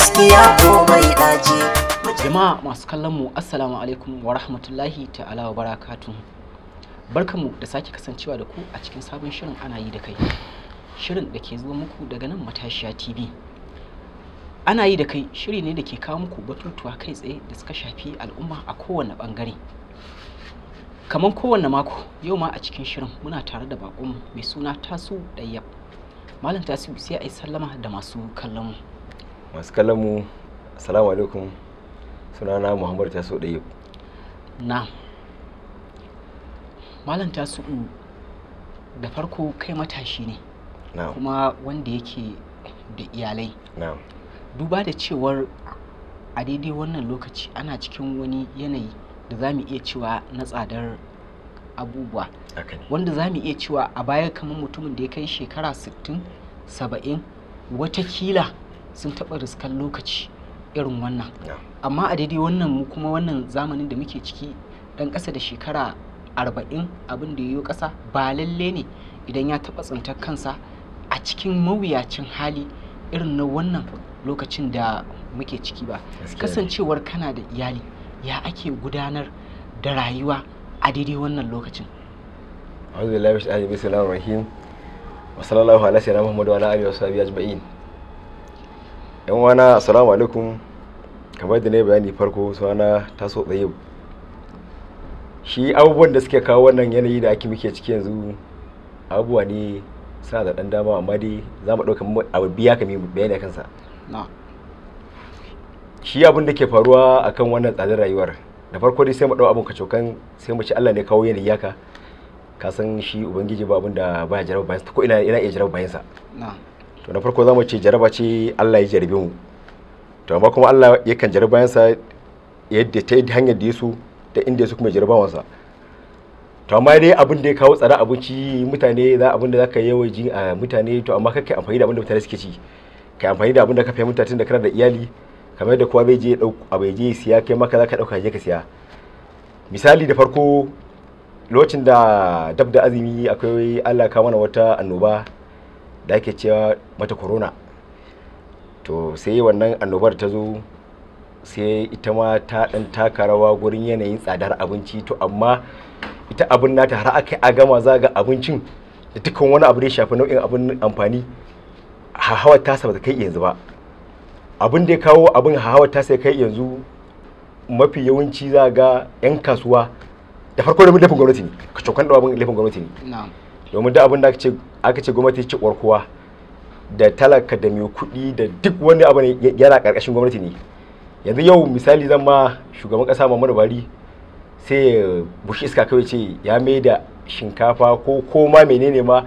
gaskiya ko mai daji jama'a masu kallon mu assalamu alaikum wa rahmatullahi ta'ala wa barakatuh barkamu da sake kasancewa da ku a cikin sabon shirin ana yi da kai shirin da ke zuwa muku daga nan matashiya tv ana yi da kai shiri ne da ke kawo muku batutuwa kai tsaye da suka shafi al'umma a kowane bangare kamar kowane mako yau ma a cikin shirin muna tare da bakonmu mai suna tasu ɗayyab malam tasu sai a yi sallama da masu kallon mu masu kalamu assalamu alaikum sunana muhammad taso ɗaya na malam taso da farko kai matashi ne kuma wanda yake da iyalai duba da cewar a daidai wannan lokaci ana cikin wani yanayi da za mu iya cewa na tsadar abubuwa wanda za mu iya cewa a baya kamar mutumin da ya kai shekara 60 70 watakila sun taɓa riskan lokaci irin wannan amma a daidai wannan kuma wannan zamanin da muke ciki ɗan ƙasa da shekara arba'in abin da ya yi ƙasa ba lalle ne idan ya taɓa tsintar kansa a cikin mawuyacin hali irin na wannan lokacin da muke ciki ba kasancewar kana da iyali ya ake gudanar da rayuwa a daidai wannan lokacin rahim wa sallallahu ala sayyidina muhammad wa ala alihi wa sahbihi yan wana assalamu alaikum kamar da na bayani farko ta taso tsaye shi abubuwan da suke kawo wannan yanayi da ake muke ciki yanzu abubuwa ne suna da ɗan dama amma dai za mu ɗauka abu biya ka bayani bayani kansa shi abin da ke faruwa akan wannan tsadar rayuwar da farko dai sai mu ɗau abin kacokan sai mu ci Allah ne kawo yanayi yaka ka san shi ubangiji ba abin da ba ya jarabu bayansa ko ina iya jarabu bayansa na'am to na farko zamu ce jaraba ce Allah ya jarabe mu to amma kuma Allah yakan jarabe yansa yadda ta yi hanyar da yasu da inda yasu kuma jarabawansa to amma dai abin da ya kawo tsara abinci mutane za abin da zaka yi ji a ah, mutane to amma kake amfani da abin da mutane suke ci kai amfani da abin da ka fahimta mutane da kana da iyali kamar da kowa bai je a bai je siya kai maka zaka dauka je ka siya misali da farko lokacin da dab da azumi akwai Allah ka mana wata annoba da ake cewa mata corona to sai wannan annobar ta zo sai ita ma ta dan taka rawa gurin yanayin tsadar abinci to amma ita abin nata har aka a gama za ga abincin da dukkan wani abu da ya shafi nau'in abin amfani hawa ta ba kai yanzu ba abin da ya kawo abin hawa ta sa kai yanzu mafi yawanci za ga 'yan kasuwa da farko da laifin gwamnati ne ka cokan da abin laifin gwamnati ne domin da abin da aka ce gwamnati ci uwar da talaka da mai kuɗi da duk wani abu yana ƙarƙashin gwamnati ne yanzu yau misali zan ma shugaban ƙasa Muhammadu bari sai bushi iska kawai ce ya mai da shinkafa ko koma menene ma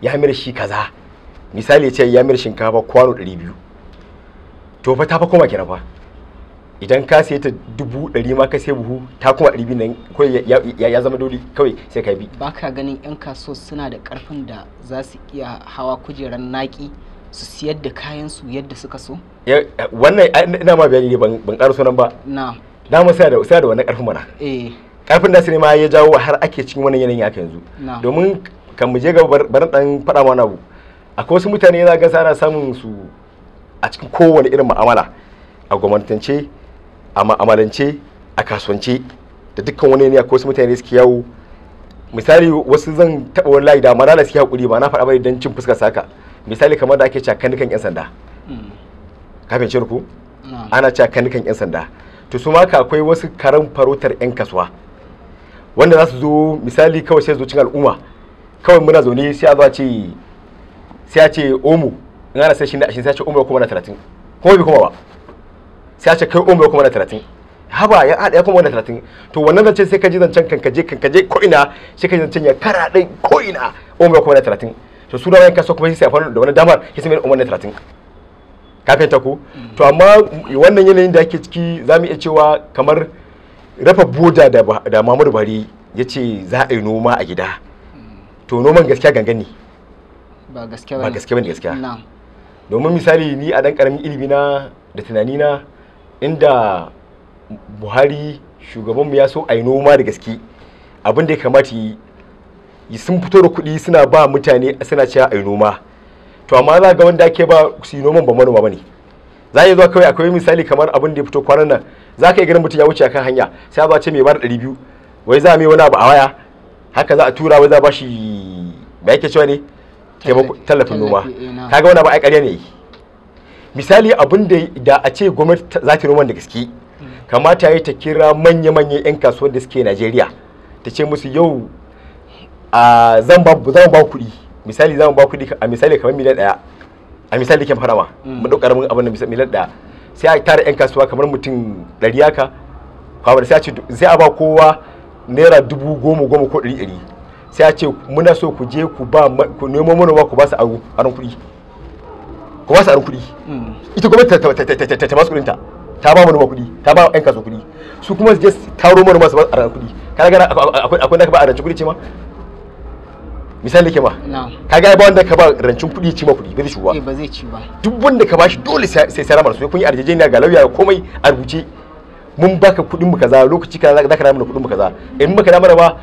ya mai shi kaza misali ce ya mai shinkafa kwano 200 to fa ta fa koma fa idan ka sai ta dubu ɗari ma ka sai buhu ta kuma ɗari biyu nan kawai ya zama dole kawai sai ka bi ba ka ganin 'yan kaso suna da ƙarfin da za su iya hawa kujerar naƙi su siyar da kayan su yadda suka so wannan ina ma bayani ne ban ƙara sunan ba na na mu sai da sai da wannan ƙarfin mana eh ƙarfin da ne ma ya jawo har ake cikin wannan yanayin haka yanzu domin kan mu je ga barin dan faɗa mana abu akwai wasu mutane za ga ana samun su a cikin kowane irin mu'amala a gwamnatance a ma'amalance a kasuwance da dukkan wani ne ko su mutane suke yawo misali wasu zan taɓa wani layi da ma da suke haƙuri ba na faɗa bane don cin fuska saka misali kamar da ake cakanikan 'yan sanda hmm. kafin cirku ana cakanikan 'yan sanda to su maka akwai wasu karan farotar 'yan kasuwa wanda za su zo misali kawai sai zo cin al'umma kawai muna zaune sai a zo a ce sai a ce omo in ana sai shi da shi sai a ce omo kuma na talatin kuma bai kuma ba sai a ce kai umar kuma da talatin haba ya haɗa ya kuma da talatin to wannan zance sai ka ji zancen kan kaje kan ko ina sai ka ji zancen ya kara ɗai ko ina umar kuma da talatin to su da wani kasuwa kuma sai a da wani damar ya sami umar da talatin kafin ta ku to amma wannan yanayin da ake ciki za mu iya cewa kamar rafa boda da mamadu bari ya ce za a yi noma a gida to noman gaskiya gangan ne ba gaskiya ba ne gaskiya domin misali ni a dan karamin ilimi na da tunanina. inda buhari shugabanmu ya so a yi noma da gaske abin da ya kamata yi sun fito da kuɗi suna ba mutane suna cewa a yi noma to amma za ga wanda ake ba su yi noman ba manoma ba ne za a yi zuwa kawai akwai misali kamar abin da ya fito kwanan nan za ka yi ganin mutum ya wuce akan hanya sai a ba ce mai ba da ɗari biyu wai za a mai wani abu a waya haka za a tura wai za a ba shi ba yake cewa ne tallafin noma eh, kaga wani abu ai ƙarya ne misali abin da da a ce gwamnati za ta roman da gaske kamata yi ta kira manya manya 'yan kasuwar da suke Najeriya ta ce musu yau a zan ba kuɗi misali zan ba kuɗi a misali kamar miliyan ɗaya a misali kyan farama mu mm. ɗau ƙaramin abin da miliyan ɗaya sai a tara 'yan kasuwa kamar mutum ɗari haka kwamar sai a ba kowa naira dubu goma goma ko ɗari ɗari sai a ce muna so ku je ku ba ku nemo manoma ku ba su aro kuɗi ku ba su aron kuɗi hmm. ita gwamnati ta ba su kuɗinta ta ba manoma kuɗi ta ba 'yan kasuwa kuɗi su kuma su je taro manoma su ba aron kuɗi ka ga akwai da ka ba arancin kuɗi ce ma misali ke ba ka ga ba wanda ka ba rancin kuɗi ci ma kuɗi eh, ba zai ci ba duk wanda ka bashi dole sai sai ramar su kun yi arjejeniya ga lauya komai a rubuce mun baka kuɗin mu kaza lokaci kaza ka ramu da kuɗin mu kaza in muka ramu ba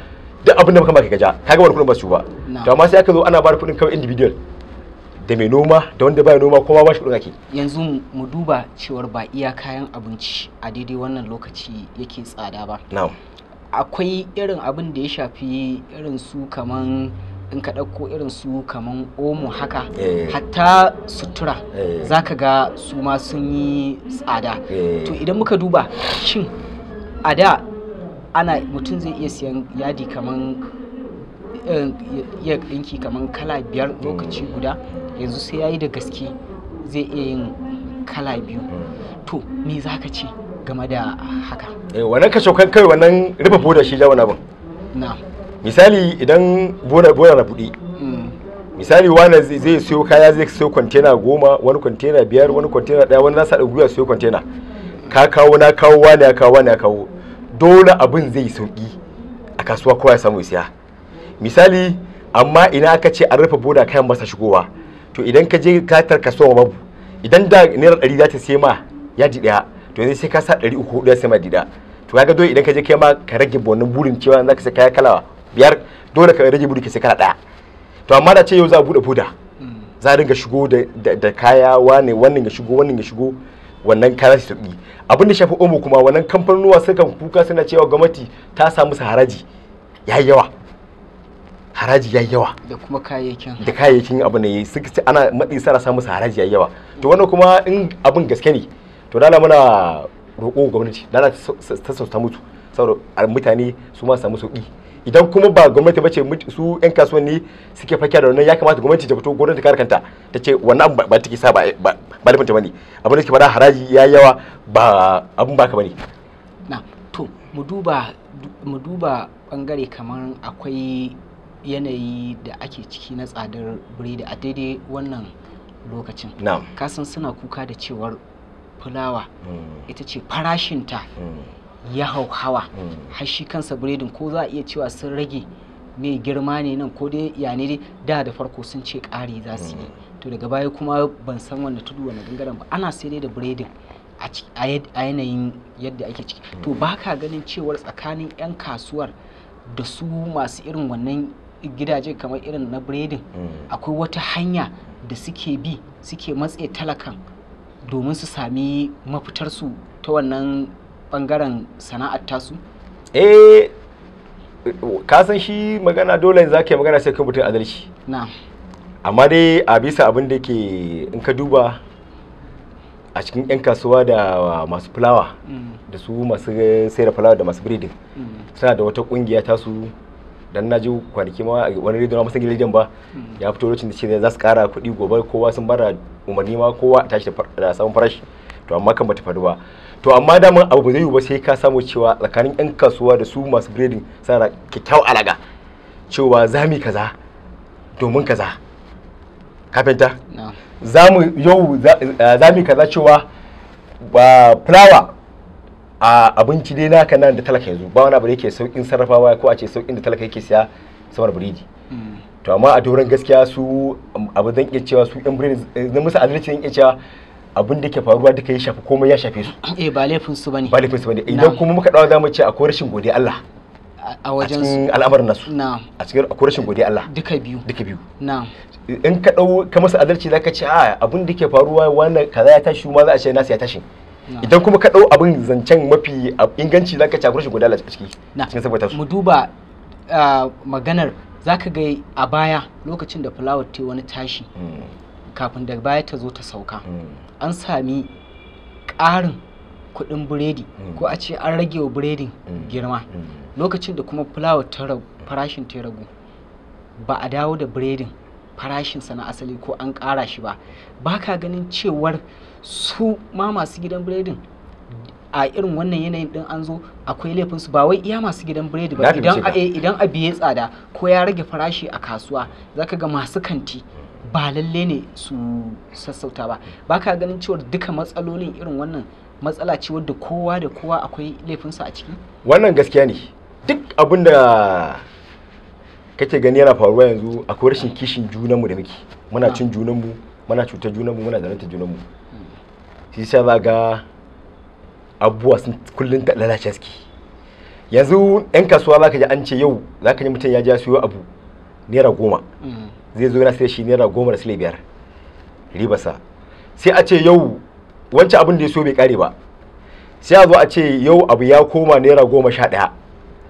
duk abin da muka baka kaja kaga wani kuɗin ba su ba to amma sai aka zo ana ba da kuɗin kawai individual da mai noma da wanda bai noma kowa ba shi kudin ake yanzu mu duba cewar ba iya kayan abinci a daidai wannan lokaci yake tsada ba na'am akwai irin abin da ya shafi irin su kaman in ka ɗauko irin su kaman omo haka eh. hatta sutura eh. za ka ga su ma sun yi tsada eh. to idan muka duba shin a da ana mutum zai iya siyan yadi kaman iya ɗinki kaman kala biyar lokaci hmm. guda yanzu sai ya yi da gaske zai iya yin kala biyu hmm. to me za ka ce game da haka eh wannan kashe kan kai wannan rufe boda shi ja wani abin na misali idan boda boda na buɗe hmm. misali wani zai siyo kaya zai siyo kwantena goma wani kwantena biyar wani kwantena ɗaya wani nasa da guya siyo kwantena ka kawo na kawo wani ya kawo wani ya kawo dole abin zai sauki a kasuwa kowa ya samu siya misali amma ina aka ce an rufe boda kayan masa shigowa to idan ka je katar so babu idan da naira ɗari za ta sai ma yaji ɗaya to yanzu sai ka sa ɗari uku hudu ya sai ma dida to ga dole idan ka je kai ma ka rage wannan burin cewa za ka sai kaya kala biyar dole ka rage burin ka sai kala ɗaya to amma da ce yau za a buɗe buda za a dinga shigo da kaya wane wannan ya shigo wannan ya shigo wannan kaya su tafi abin da shafi omo kuma wannan kamfanonuwa sukan kuka suna cewa gwamnati ta samu su haraji ya yawa haraji ya yawa da kuma kayayyakin da kayayyakin abu ne suka ce ana matsi sara samu su haraji ya yawa to wannan kuma in abin gaske ne to dala muna roƙo gwamnati dala ta sauta mutu saboda mutane su ma samu sauki idan kuma ba gwamnati ba ce su yan kasuwanni suke fakiya da wannan ya kamata gwamnati ta fito gwamnati ta kanta ta ce wannan ba take sa ba ba lafinta bane abin da suke faɗa haraji ya yawa ba abin ka bane na to mu duba mu duba bangare kamar akwai yanayi da ake ciki na tsadar biredi a daidai wannan lokacin kasan suna kuka da cewar fulawa mm. ita ce farashinta mm. ya hau hauhawa mm. har shi kansa biredin ko za a iya cewa sun rage mai girma ne nan ko dai ya ne da da farko sun ce ƙari za su yi to daga baya kuma ban san wanda tudu wani gangaren ba ana sai dai da biredin a yanayin yadda ake ciki to ba ka ganin cewar tsakanin 'yan kasuwar da su masu irin wannan gidaje kamar irin na biredin mm. akwai wata hanya da suke bi suke matse talakan domin su sami mafitarsu ta wannan bangaren sana'ar tasu? eh ka san shi magana dole za ka yi magana sai kan mutum adalci na amma dai a bisa abin da ke in ka duba a cikin 'yan kasuwa da masu fulawa mm. da su masu sayar fulawa da masu biredin mm. suna da wata kungiya tasu dan na ji kwanaki ma wani rediyo na masan gidan ba hmm. ya fito lokacin da ce za su kara kuɗi gobe kowa sun bara umarni ma kowa a tashi da samun farashi to amma kan bata faru ba to amma dama abu ba zai yi ba sai ka samu cewa tsakanin yan kasuwa da su masu grading sana kyakkyawar alaga cewa za mu kaza domin kaza kafinta za mu yau za mu kaza cewa ba fulawa a abinci dai naka nan da talaka yanzu ba wani abu da yake saukin sarrafawa ko a ce saukin da talaka yake siya samar biridi mm. to amma a doron gaskiya su abu zan iya cewa su yan biredi eh, na musu adalci zan iya cewa abin da ke faruwa duka ya shafi komai ya shafe su eh ba laifin su bane ba laifin su bane idan kuma muka dawo zamu ce akwai rashin godiya Allah a wajen su al'amarin nasu na'am a cikin akwai rashin godiya Allah duka biyu duka biyu na'am in ka dau ka masa adalci zaka ce a ah, abin da ke faruwa wannan kaza ya tashi ma za a ce nasu ya tashi idan kuma ka ɗau abin zancen mafi inganci zaka ci shi guda a ciki cikin saboda mu duba maganar zaka ga a baya lokacin da fulawar ta wani tashi hmm. kafin da baya ta zo ta sauka hmm. an sami ƙarin kuɗin biredi hmm. ko a ce an rage wa biredin girma lokacin da kuma fulawar ta farashin ta ragu ba a dawo da biredin farashinsa na asali ko an ƙara shi ba ba ka ganin cewar su ma masu gidan biredin a irin wannan yanayin din an zo akwai laifinsu ba wai iya masu gidan biredi ba idan a eh, biye tsada ko ya rage farashi a kasuwa zaka ga masu kanti ba lalle ne su sassauta ba ba ka ganin cewar duka matsalolin irin wannan matsala ce wadda kowa da kowa akwai sa a ciki wannan gaskiya ne duk abin kake gani yana faruwa yanzu akwai rashin kishin junanmu da muke muna cin junanmu muna cutar junanmu muna zalunta junanmu shi sa za ga abubuwa sun kullum ta lalace suke yanzu yan kasuwa za ka ji an ce yau za ka ji mutum ya ja siyo abu naira goma zai zo yana sayar shi naira goma da sile biyar ribasa sai a ce yau wancan abin da ya so bai kare ba sai a zo a ce yau abu ya koma naira goma sha ɗaya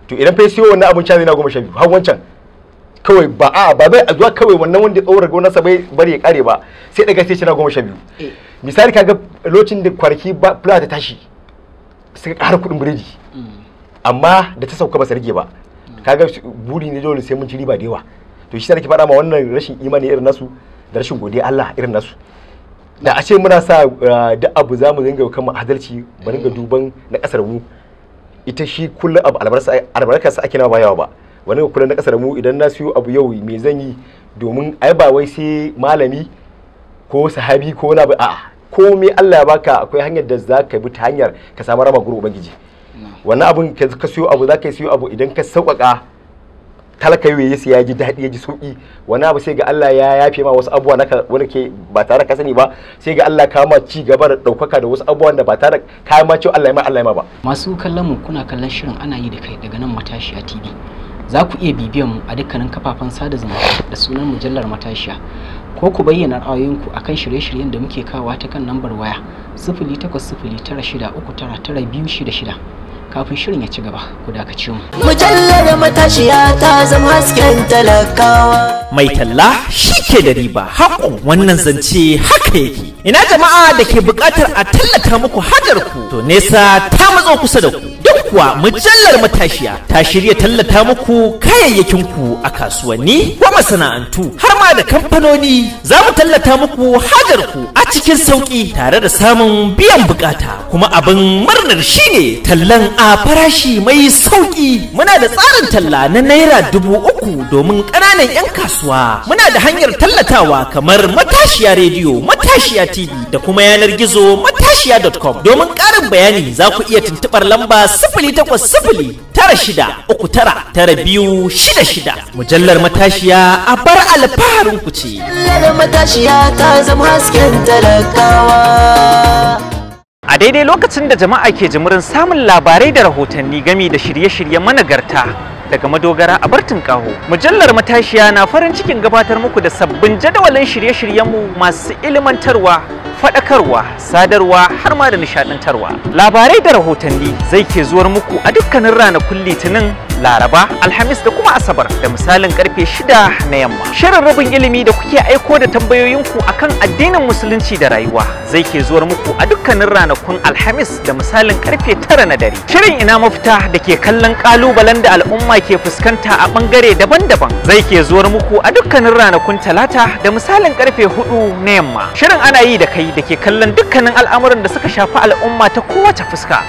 to idan fa siyo wannan abin sha naira goma sha biyu har wancan kawai ba a ba zai zuwa kawai wannan wanda ya tsaura gonarsa bai bari ya kare ba sai daga sai cira goma sha biyu eh. misali kaga lokacin da kwaraki ba fula ta tashi suka ƙara kuɗin biredi mm. amma da ta sauka ba su rage ba mm. kaga buri ne dole sai mun ci riba da yawa to shi sarki faɗa ma wannan rashin imani irin nasu da rashin godiya Allah irin nasu da a ce muna sa ah, duk abu za mu dinga kama adalci mu dinga eh. duban na kasar mu ita shi kullum abu albarkarsa ake na bayawa ba wani ga kula na kasar mu idan na siyo abu yau mai zan yi domin ai ba wai sai malami ko sahabi ko na abu a'a komai Allah ya baka akwai hanyar da za ka bi ta hanyar ka samu rama guru ubangiji wani abun ka siyo abu za ka siyo abu idan ka sauƙaƙa talaka yau ya ya ji daɗi ya ji sauƙi wani abu sai ga Allah ya yafe ma wasu abubuwa na wani ke ba tare ka sani ba sai ga Allah ka ma ci gaba da ɗaukaka da wasu abubuwan da ba tare ka ma cewa Allah ya ma Allah ya ma ba masu kallon mu kuna kallon shirin ana yi da kai daga nan matashiya TV za ku iya bibiyan mu a dukkanin kafafen sada zumunta da sunan mujallar matashiya ko ku bayyana ra'ayoyinku akan shirye-shiryen da muke kawa ta kan lambar waya 08096399266 kafin shirin ya ci gaba ku dakace mu mujallar matashiya ta zama hasken talakawa mai talla shike da riba haƙo wannan zance haka yake ina jama'a da ke buƙatar a tallata muku hajar ku to nesa ta matso kusa da ku kuwa mujallar matashiya ta shirya tallata muku kayayyakin ku a kasuwanni ko masana'antu har ma da kamfanoni za mu tallata muku hajar ku a cikin sauƙi? tare da samun biyan bukata kuma abin murnar shine tallan a farashi mai sauƙi. muna da tsarin talla na naira dubu uku domin ƙananan 'yan kasuwa muna da hanyar tallatawa kamar matashiya rediyo matashiya tv da kuma yanar gizo matashiya.com domin ƙarin bayani za ku iya tuntuɓar lamba sifili takwas sifili shida uku tara shida mujallar matashiya a bar alfaharin ku ce. A daidai lokacin da jama'a ke jimurin samun labarai da rahotanni gami da shirye-shiryen managarta daga madogara a Bartin Kaho. Mujallar Matashiya na farin cikin gabatar muku da sabbin jadawalin shirye-shiryenmu masu ilimantarwa, faɗakarwa, sadarwa har ma da nishaɗantarwa. Labarai da rahotanni zai ke zuwar muku a dukkanin ranakun Litinin, Laraba, Alhamis da kuma Asabar da misalin karfe shida na yamma. Shirin rubin ilimi da kuke aiko da tambayoyinku akan addinin musulunci da rayuwa zai ke zuwar muku a dukkanin ranakun Alhamis da misalin karfe tara na dare. Shirin ina mafita da ke kallon ƙalubalen da al'umma ke fuskanta a bangare daban-daban zai ke zuwar muku a dukkanin ranakun talata da misalin karfe hudu na yamma shirin ana yi da kai da ke kallon dukkanin al'amuran da suka shafi al'umma ta kowace fuska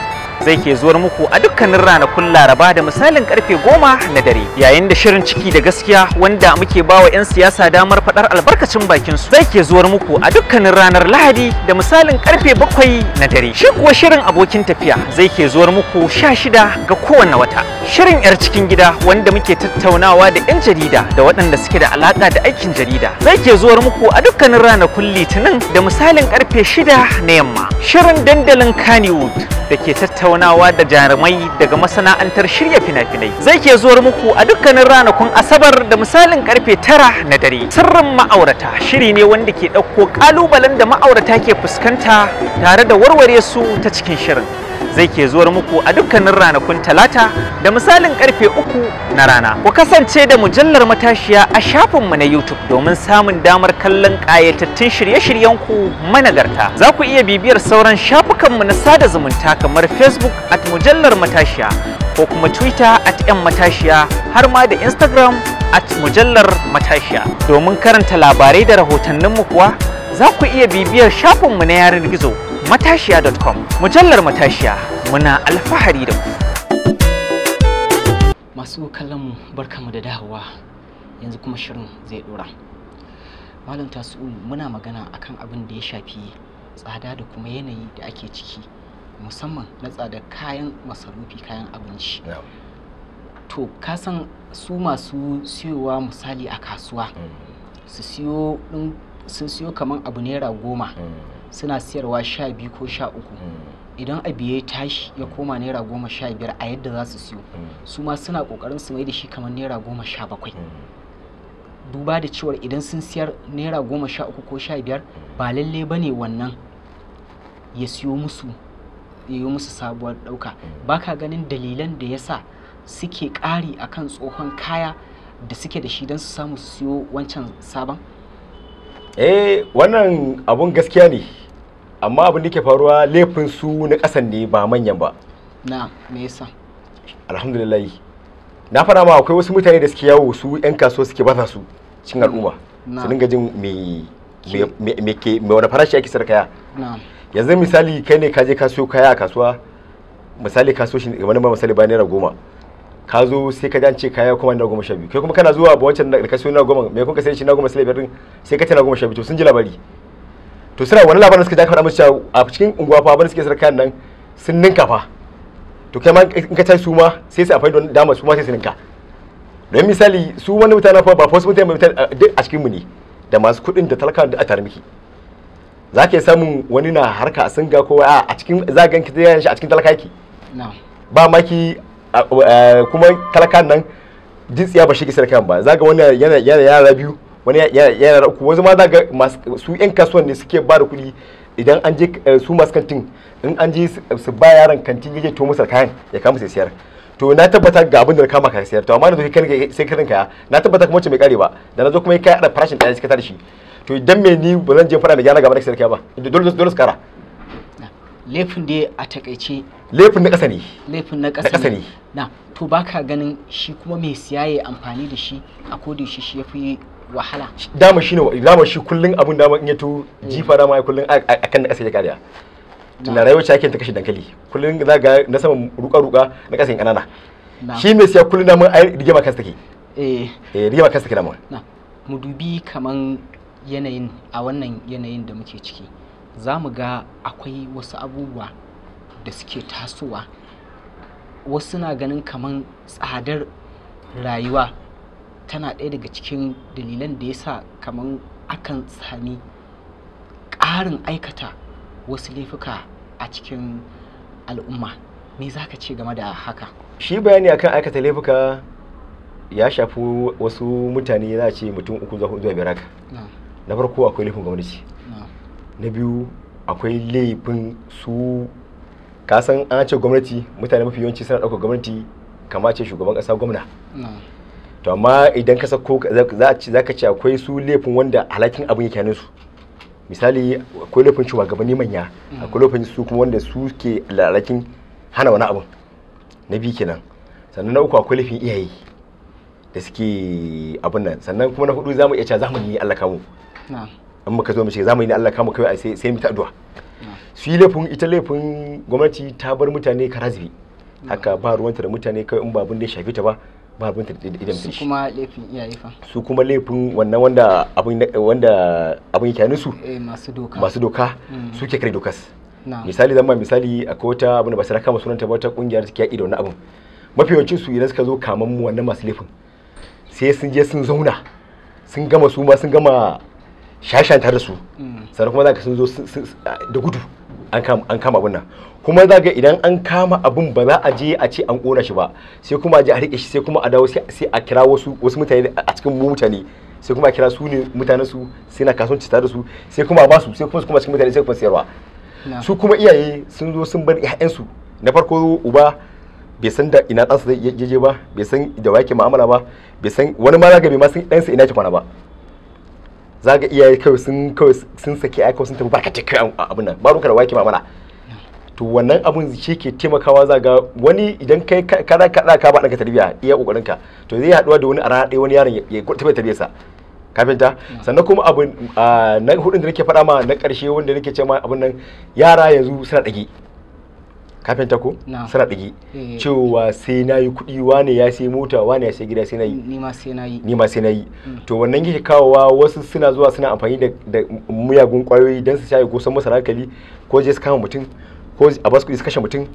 zai ke zuwar muku a dukkanin ranakun laraba da misalin karfe goma na dare yayin da shirin ciki da gaskiya wanda muke bawa 'yan siyasa damar faɗar albarkacin bakin su zai ke zuwar muku a dukkanin ranar lahadi da misalin karfe bakwai na dare shi kuwa shirin abokin tafiya zai ke zuwar muku sha shida ga kowane wata shirin 'yar cikin gida wanda muke tattaunawa da 'yan jarida da waɗanda suke da alaƙa da aikin jarida zai ke zuwar muku a dukkanin ranakun litinin da misalin karfe shida na yamma shirin dandalin Kannywood da ke tattaunawa da jarumai daga masana'antar shirya fina-finai zai ke zuwar muku a dukkanin ranakun asabar da misalin karfe tara na dare sirrin ma'aurata shiri ne wanda ke ɗauko ƙalubalen da ma'aurata ke fuskanta tare da warware su ta cikin shirin zai ke zuwar muku a dukkanin ranakun talata da misalin karfe uku na rana ku kasance da mujallar matashiya a shafinmu na youtube domin samun damar kallon ƙayatattun shirye-shiryen ku managarta za ku iya bibiyar sauran shafukanmu na sada zumunta kamar facebook at mujallar matashiya ko kuma twitter at yan matashiya har ma da instagram at mujallar matashiya domin karanta labarai da rahotanninmu kuwa za ku iya bibiyar shafinmu na yaren gizo matashiya.com mujallar matashiya muna alfahari da ku. Masu kallonmu barkamu da dawowa yanzu kuma shirin zai dora. Malam tasu muna magana akan abin da ya shafi tsada da kuma yanayi da ake ciki musamman na tsada kayan masarufi kayan abinci. To kasan su masu siyowa misali a kasuwa mm. su siyo sun siyo kamar abu naira goma mm. suna siyarwa sha biyu ko sha uku mm. idan a biye tashi ya koma naira goma sha biyar a yadda za su siyo mm. su ma suna kokarin su mai da shi kamar naira goma sha bakwai duba da cewar idan sun siyar naira goma sha uku ko sha biyar ba lalle ba ne wannan ya siyo musu ya yi musu sabuwar ɗauka ba ka ganin dalilan da ya sa suke ƙari akan tsohon kaya da suke da shi don su samu su siyo wancan sabon eh wannan abun gaskiya ne amma abin da ke faruwa laifin su na kasan ne ba manyan ba na me yasa alhamdulillah na fara ma akwai wasu mutane da suke yawo su yan kaso suke basa su cikin mm. al'umma su dinga jin me me ke me wani farashi ake sarkaya kaya yanzu misali kai ne ka je ka kaya kasuwa misali ka siyo shi kamar misali ba naira goma ka zo sai ka dace kaya kuma na goma sha biyu kai kuma kana zuwa ba wancan da ka siyo na goma me kuka ka sai shi na goma sai labarin sai ka ce na goma sha biyu to sun ji labari to suna wani labarin suka ja faɗa musu cewa a cikin unguwa fa abin suke sayar nan sun ninka fa to kai ma in ka tashi su ma sai su amfani da dama su ma sai su ninka don misali su wani mutane fa ba wasu mutane duk a cikin mu ne da masu kuɗin da talaka da a tare miki za ka samun wani na harka a singa ko a cikin za ka ganki zai shi a cikin talakaki ba maki kuma talakan nan jintsiya ba shi kisar kan ba zaga wani yana yara biyu wani yana uku wasu ma zaga su yan kasuwan ne suke ba da kuɗi idan an je eh, su masu kantin in an je su ba yaran kantin yake to musu kayan ya kama sai siyar to na tabbata ga abin da na kama ka siyar to amma da kai sai ka kaya na tabbata kuma ce mai kare ba da na zo kuma kai da farashin ɗaya suka tashi to idan me ni ba zan je fara da gyara gaba da sayar kaya ba dole dole su kara laifin da a takaice laifin na ƙasa ne laifin na ƙasa ne na to baka ganin shi kuma mai siya ya amfani da shi a kodin shi shi yafi wahala dama shi ne dama shi kullun abun dama in ya eh. jifa dama kullun akan na ƙasa ya kariya tunda rayuwar cakin ta kashe dankali kullun za ga na saman ruka ruka na ƙasa ƙanana shi mai siya kullun dama ai rigima kansa take eh eh rigima kansa take dama mu dubi kaman yanayin a wannan yanayin da muke ciki za mu ga akwai wasu abubuwa da suke tasowa wasu na ganin kamar tsadar rayuwa tana ɗaya daga cikin dalilan da ya sa kamar akan sami ƙarin aikata wasu laifuka a cikin al'umma me za ka ce game da haka shi bayani akan aikata laifuka ya shafi wasu mutane za a ce mutum uku zuwa biyar haka na farko akwai laifin gwamnati na biyu akwai laifin su ka san an ce gwamnati mutane mafi yawanci suna ɗaukar gwamnati kama ce shugaban ƙasa gwamna to amma idan ka sako za ka ce akwai su laifin wanda alhakin abin yake hannun su misali akwai laifin shugabanni manya mm. akwai laifin su kuma wanda su ke alhakin hana wani abin na biyu kenan sannan na uku akwai laifin iyaye da suke abin nan sannan kuma na hudu za mu iya cewa zamani ne Allah kamu in muka zo mu ce zamani ne Allah kamu kawai sai mu ta addu'a su yi laifin ita laifin gwamnati ta bar mutane karazbi haka ba ruwanta da mutane kawai in ba da ya shafi ta ba ba abin da idan su kuma laifin iyaye fa su kuma laifin wannan wanda abin wanda abin yake nusu eh, masu doka masu doka mm. suke kare dokas misali zan ba misali akwai wata abin da ba raka masu sunanta ba wata kungiyar da take yaki da abin mafi yawancin su idan suka zo kaman mu wannan masu laifin sai sun je sun zauna sun gama su ma sun gama shashanta da su mm. sannan kuma za ka sun zo da gudu an kama abin nan kuma za ga idan an kama abin ba za a je a ce an kona shi ba sai kuma a je a rike shi sai kuma a dawo sai a kira wasu wasu mutane a cikin mu mutane sai kuma a kira su ne mutanen su sai na kasuwanci tare da su sai kuma a ba su sai kuma su kuma cikin mutane sai kuma sayarwa su kuma iyaye sun zo sun bar su na farko uba bai san da ina ɗansa zai je ba bai san da wake mu'amala ba bai san wani ma zaga bai ma san ɗansa ina ki kwana ba za ga iyaye kawai sun kawai sun saki aiko sun tafi barkata kai abin nan babu ka da mamana to wannan abun shi ke taimakawa zaga wani idan kai kada ka ba ɗanka tarbiya iya kokarin ka to zai haɗuwa da wani a rana wani yaron ya tafi tarbiyyarsa kafinta sannan kuma abin na hudun da nake faɗa ma na ƙarshe wanda nake ce ma abin nan yara yanzu suna dage kafin tako sara digi eh. cewa sai na yi kuɗi wane ya sai mota wane ya sai gida sai na yi ni ma sai na yi mm. to wannan yake kawowa wasu suna zuwa suna amfani da muyagun kwayoyi don su shaye ko masa rankali ko je su kama mutum ko a basu kuɗi su kashe mutum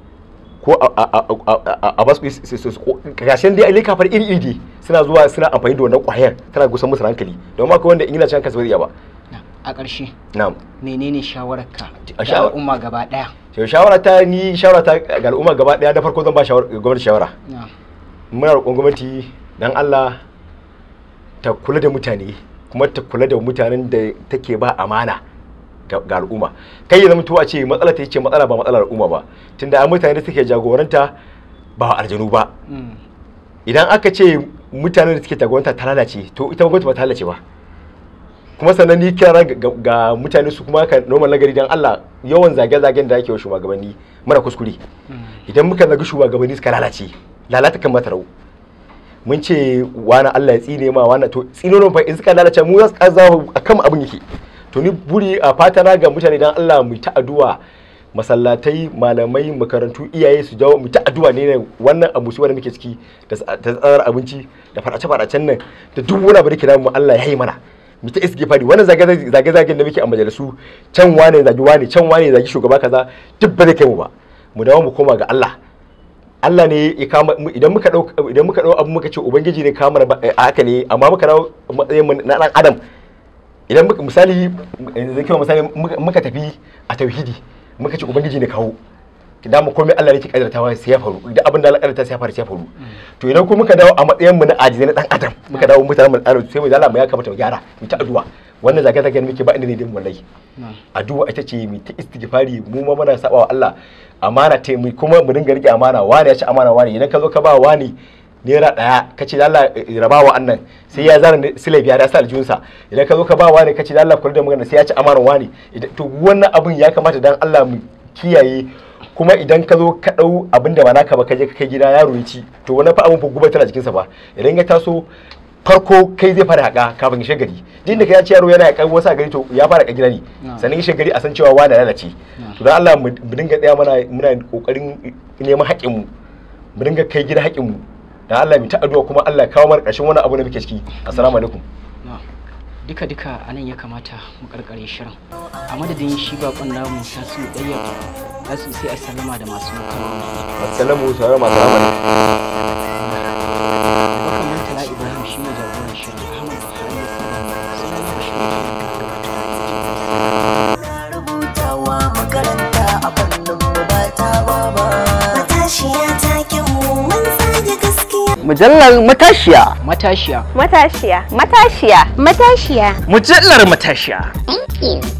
ko a basu kuɗi su kashen dai alika far iri iri suna zuwa suna amfani da wannan kwayar tana gusan musu hankali don ma ko wanda ingila can kansa ba zai iya ba a ƙarshe na'am menene shawararka ga al'umma gaba daya shawara ta ni shawara ta ga al'umma gaba daya da farko zan ba shawara gwamnati shawara muna roƙon gwamnati dan Allah ta kula da mutane kuma ta kula da mutanen da take ba amana ga al'umma kai ya zama a ce matsala ta ce matsala ba matsalar al'umma ba tunda an mutane da suke jagoranta ba aljanu ba mm. idan aka ce mutanen da suke jagoranta ta lalace to ita gwamnati ba ta lalace ba kuma sannan ni kira ga mutane su kuma ka normal nagari dan Allah yawan zage-zagen da ake wa shugabanni mara kuskure idan muka zagi shugabanni suka lalace lalata kan matarau mun ce wani Allah ya tsine ma wani to tsine tsinonin fa in suka lalace mu za su akan abin yake to ni buri a fata na ga mutane dan Allah mu ta addu'a masallatai malamai makarantu iyaye su jawo mu ta addu'a ne wannan abu wanda muke ciki da tsarar abinci da farace-faracen nan da duk wani abu da kira mu Allah ya yi mana mu ta iske fari wannan zage zagen da muke a majalisu can wane zagi wane can wane zagi shugaba kaza duk ba zai kai mu ba mu dawo mu koma ga Allah Allah ne ya kama idan muka dau idan muka dau abu muka ce ubangiji ne kama eh, a haka ne amma muka dau matsayin mu na dan adam idan muka misali yanzu zai misali muka tafi a tauhidi muka ce ubangiji ne kawo ki da mu komai Allah yake ke kadartawa sai ya faru duk abin da Allah kadarta sai ya faru sai ya faru to idan ko muka dawo a matsayin mu na ajizi na dan adam muka dawo mutane mu da sai mu zala mu ya kamata mu gyara mu ta addu'a wannan zaka zaka muke ba inda ne din wallahi addu'a ita ce mu ta istighfari mu ma muna sabawa Allah amana ta mu kuma mu dinga rike amana wani ya ci amana wani idan ka zo ka ba wani naira daya ka ce Allah eh, raba wa annan sai ya zara silai biya da sa aljunsa idan ka zo ka ba wani ka ce Allah kula da magana sai ya ci amana wani to wannan abun ya kamata dan Allah mu kiyaye kuma idan ka zo ka ɗau abin da ba naka ba ka je ka kai gida yaro ya ci to wani fa abin fa guba tana jikinsa ba idan ya taso farko kai zai fara haka kafin ya gari din da ya ci yaro yana kai wasa gari to ya fara ka gida ne sannan ya gari a san cewa wani lalace to dan Allah mu dinga tsaya mana muna ƙoƙarin neman haƙin mu mu dinga kai gida haƙin mu da Allah mu ta addu'a kuma Allah kawo mana ƙarshen wani abu da muke ciki assalamu alaikum duka-duka a nan ya kamata mu karkare shirin a madadin shi bakon namu ta su ɗaya ta su sai a sallama da masu mutane. assalamu mujallar matashiya. Matashiya. Matashiya. Matashiya. Matashiya. Mujallar matashiya. Thank you.